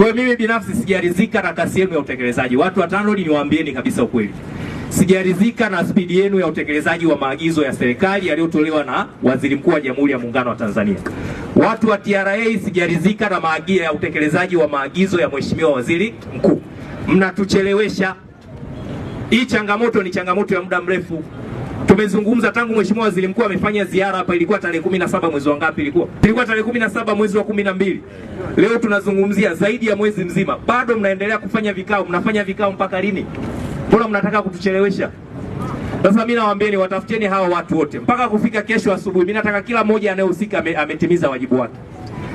Kwa hiyo mimi binafsi sijaridhika na kasi yenu ya utekelezaji. Watu wa TANROADS, niwaambieni kabisa ukweli, sijaridhika na spidi yenu ya utekelezaji wa maagizo ya serikali yaliyotolewa na Waziri Mkuu wa Jamhuri ya Muungano wa Tanzania. Watu wa TRA, sijaridhika na maagizo ya utekelezaji wa maagizo ya Mheshimiwa Waziri Mkuu, mnatuchelewesha. Hii changamoto ni changamoto ya muda mrefu. Tumezungumza tangu Mheshimiwa Waziri Mkuu amefanya ziara hapa, ilikuwa tarehe kumi na saba mwezi wa ngapi? Ilikuwa ilikuwa tarehe kumi na saba mwezi wa kumi na mbili. Leo tunazungumzia zaidi ya mwezi mzima, bado mnaendelea kufanya vikao, mnafanya vikao mpaka lini? Mbona mnataka kutuchelewesha? Sasa mimi nawaambieni, watafuteni hawa watu wote mpaka kufika kesho asubuhi. Mimi nataka kila mmoja anayehusika ame, ametimiza wajibu wake,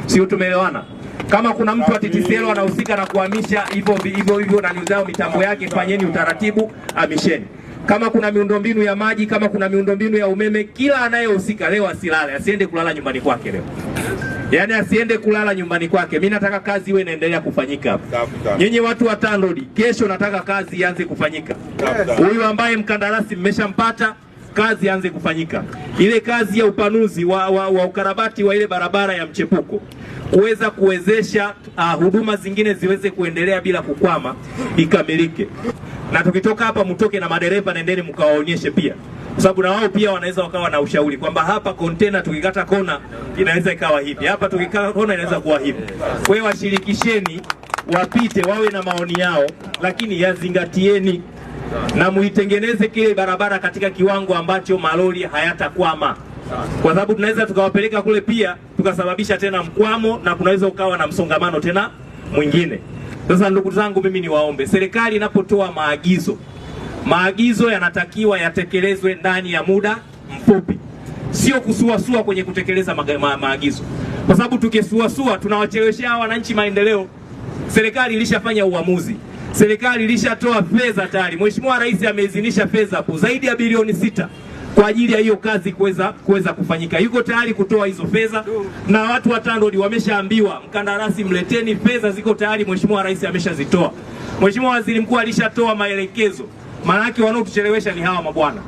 sio? Tumeelewana? Kama kuna mtu wa TTCL anahusika na kuhamisha hivyo hivyo hivyo na nyuzao mitambo yake, fanyeni utaratibu, hamisheni kama kuna miundombinu ya maji, kama kuna miundombinu ya umeme, kila anayehusika leo asilale, asiende kulala nyumbani kwake leo, yaani asiende kulala nyumbani kwake. Mimi nataka kazi iwe inaendelea kufanyika. Nyinyi watu wa TANROADS, kesho nataka kazi ianze kufanyika. Huyu ambaye mkandarasi mmeshampata, kazi ianze kufanyika, ile kazi ya upanuzi wa, wa, wa ukarabati wa ile barabara ya mchepuko kuweza kuwezesha uh, huduma zingine ziweze kuendelea bila kukwama ikamilike na tukitoka hapa mtoke na madereva, nendeni mkawaonyeshe pia, kwa sababu na wao pia wanaweza wakawa na ushauri kwamba hapa kontena tukikata kona inaweza ikawa hivi, hapa tukikata kona inaweza kuwa hivi. Kwa hiyo washirikisheni, wapite, wawe na maoni yao, lakini yazingatieni na muitengeneze kile barabara katika kiwango ambacho malori hayatakwama, kwa sababu tunaweza tukawapeleka kule pia tukasababisha tena mkwamo na kunaweza ukawa na msongamano tena mwingine. Sasa ndugu zangu, mimi niwaombe, serikali inapotoa maagizo, maagizo yanatakiwa yatekelezwe ndani ya muda mfupi, sio kusuasua kwenye kutekeleza ma ma maagizo, kwa sababu tukisuasua tunawacheleweshea wananchi maendeleo. Serikali ilishafanya uamuzi, serikali ilishatoa fedha tayari. Mheshimiwa Rais ameidhinisha fedha hapo zaidi ya bilioni sita kwa ajili ya hiyo kazi kuweza kuweza kufanyika. Yuko tayari kutoa hizo fedha, na watu wa TANROADS wameshaambiwa mkandarasi, mleteni fedha, ziko tayari. Mheshimiwa Rais ameshazitoa, Mheshimiwa Waziri Mkuu alishatoa maelekezo. Maanake wanaotuchelewesha ni hawa mabwana.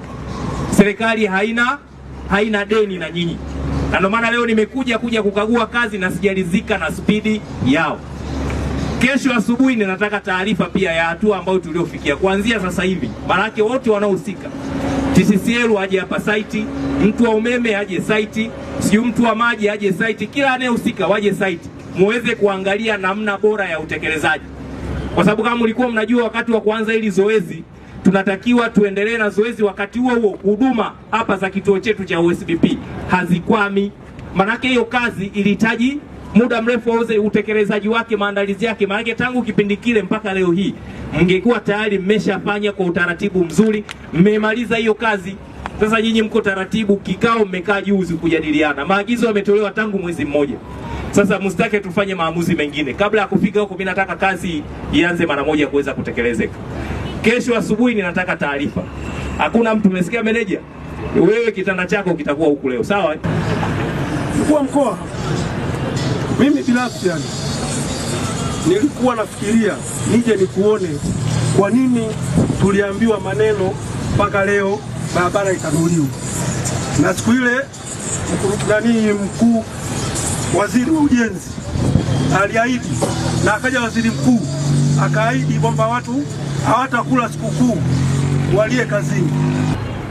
Serikali haina haina deni na nyinyi, na ndio maana leo nimekuja kuja kukagua kazi na sijalizika na spidi yao. Kesho asubuhi ninataka taarifa pia ya hatua ambayo tuliofikia kuanzia sasa hivi, maanake wote wanaohusika TCCL aje hapa saiti, mtu wa umeme aje saiti, sijui mtu wa maji aje saiti, kila anayehusika waje saiti muweze kuangalia namna bora ya utekelezaji, kwa sababu kama mlikuwa mnajua wakati wa kuanza hili zoezi tunatakiwa tuendelee na zoezi. Wakati huo huo, huduma hapa za kituo chetu cha usbp hazikwami, manake hiyo kazi ilihitaji muda mrefu wa utekelezaji wake, maandalizi yake, manake tangu kipindi kile mpaka leo hii mngekuwa tayari mmeshafanya kwa utaratibu mzuri, mmemaliza hiyo kazi. Sasa nyinyi mko taratibu, kikao mmekaa juzi kujadiliana, maagizo yametolewa tangu mwezi mmoja. Sasa msitake tufanye maamuzi mengine kabla ya kufika huko. Mimi nataka kazi ianze mara moja kuweza kutekelezeka. Kesho asubuhi ninataka taarifa. Hakuna mtu, umesikia meneja? Wewe kitanda chako kitakuwa huku leo, sawa? Mkuu wa mkoa, mimi binafsi yani nilikuwa nafikiria nije nikuone, kwa nini tuliambiwa maneno mpaka leo barabara ikanuliwa. Na siku ile nani mkuu, waziri wa ujenzi aliahidi, na akaja waziri mkuu akaahidi kwamba watu hawatakula sikukuu, walie kazini.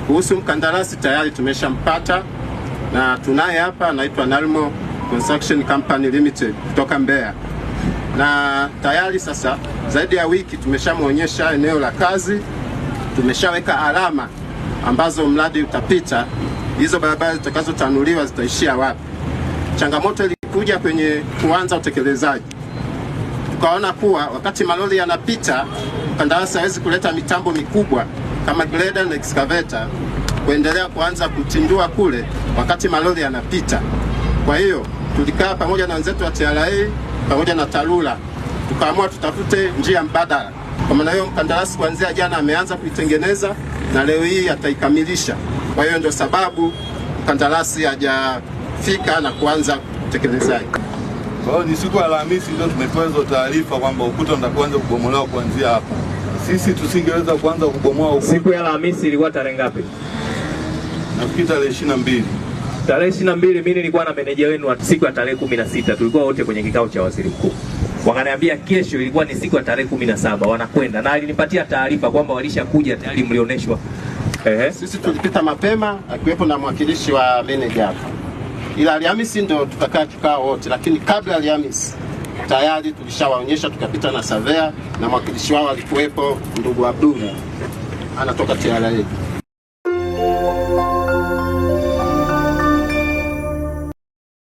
Kuhusu mkandarasi tayari tumeshampata na tunaye hapa, anaitwa Nalmo Construction Company Limited kutoka Mbeya na tayari sasa zaidi ya wiki tumeshamwonyesha eneo la kazi, tumeshaweka alama ambazo mradi utapita, hizo barabara zitakazotanuliwa zitaishia wapi. Changamoto ilikuja kwenye kuanza utekelezaji, tukaona kuwa wakati malori yanapita, mkandarasi hawezi kuleta mitambo mikubwa kama greda na excavator kuendelea kuanza kutindua kule wakati malori yanapita. Kwa hiyo tulikaa pamoja na wenzetu wa TRA pamoja na TARURA tukaamua tutafute njia mbadala. Kwa maana hiyo, mkandarasi kuanzia jana ameanza kuitengeneza na leo hii ataikamilisha. Kwa hiyo ndio sababu mkandarasi hajafika na kuanza utekelezaji. Kwa hiyo ni siku ya Alhamisi ndio tumepewa hizo taarifa kwamba ukuta utakuanza kubomolewa kuanzia hapa. Sisi tusingeweza kuanza kubomoa ukuta. Siku ya Alhamisi ilikuwa tarehe ngapi? Nafikiri tarehe ishirini na mbili. Tarehe ishirini na mbili mimi nilikuwa na meneja wenu siku ya tarehe kumi na sita tulikuwa wote kwenye kikao cha waziri mkuu. Wakaniambia kesho, ilikuwa ni siku ya tarehe kumi na saba wanakwenda, na alinipatia taarifa kwamba walishakuja tayari, mlioneshwa. Ehe, sisi tulipita mapema, akiwepo na mwakilishi wa meneja hapa, ila Alhamisi ndo tukakaa kikao wote, lakini kabla ya Alhamisi tayari tulishawaonyesha, tukapita na savea na mwakilishi wao alikuwepo ndugu Abduli anatoka TRA.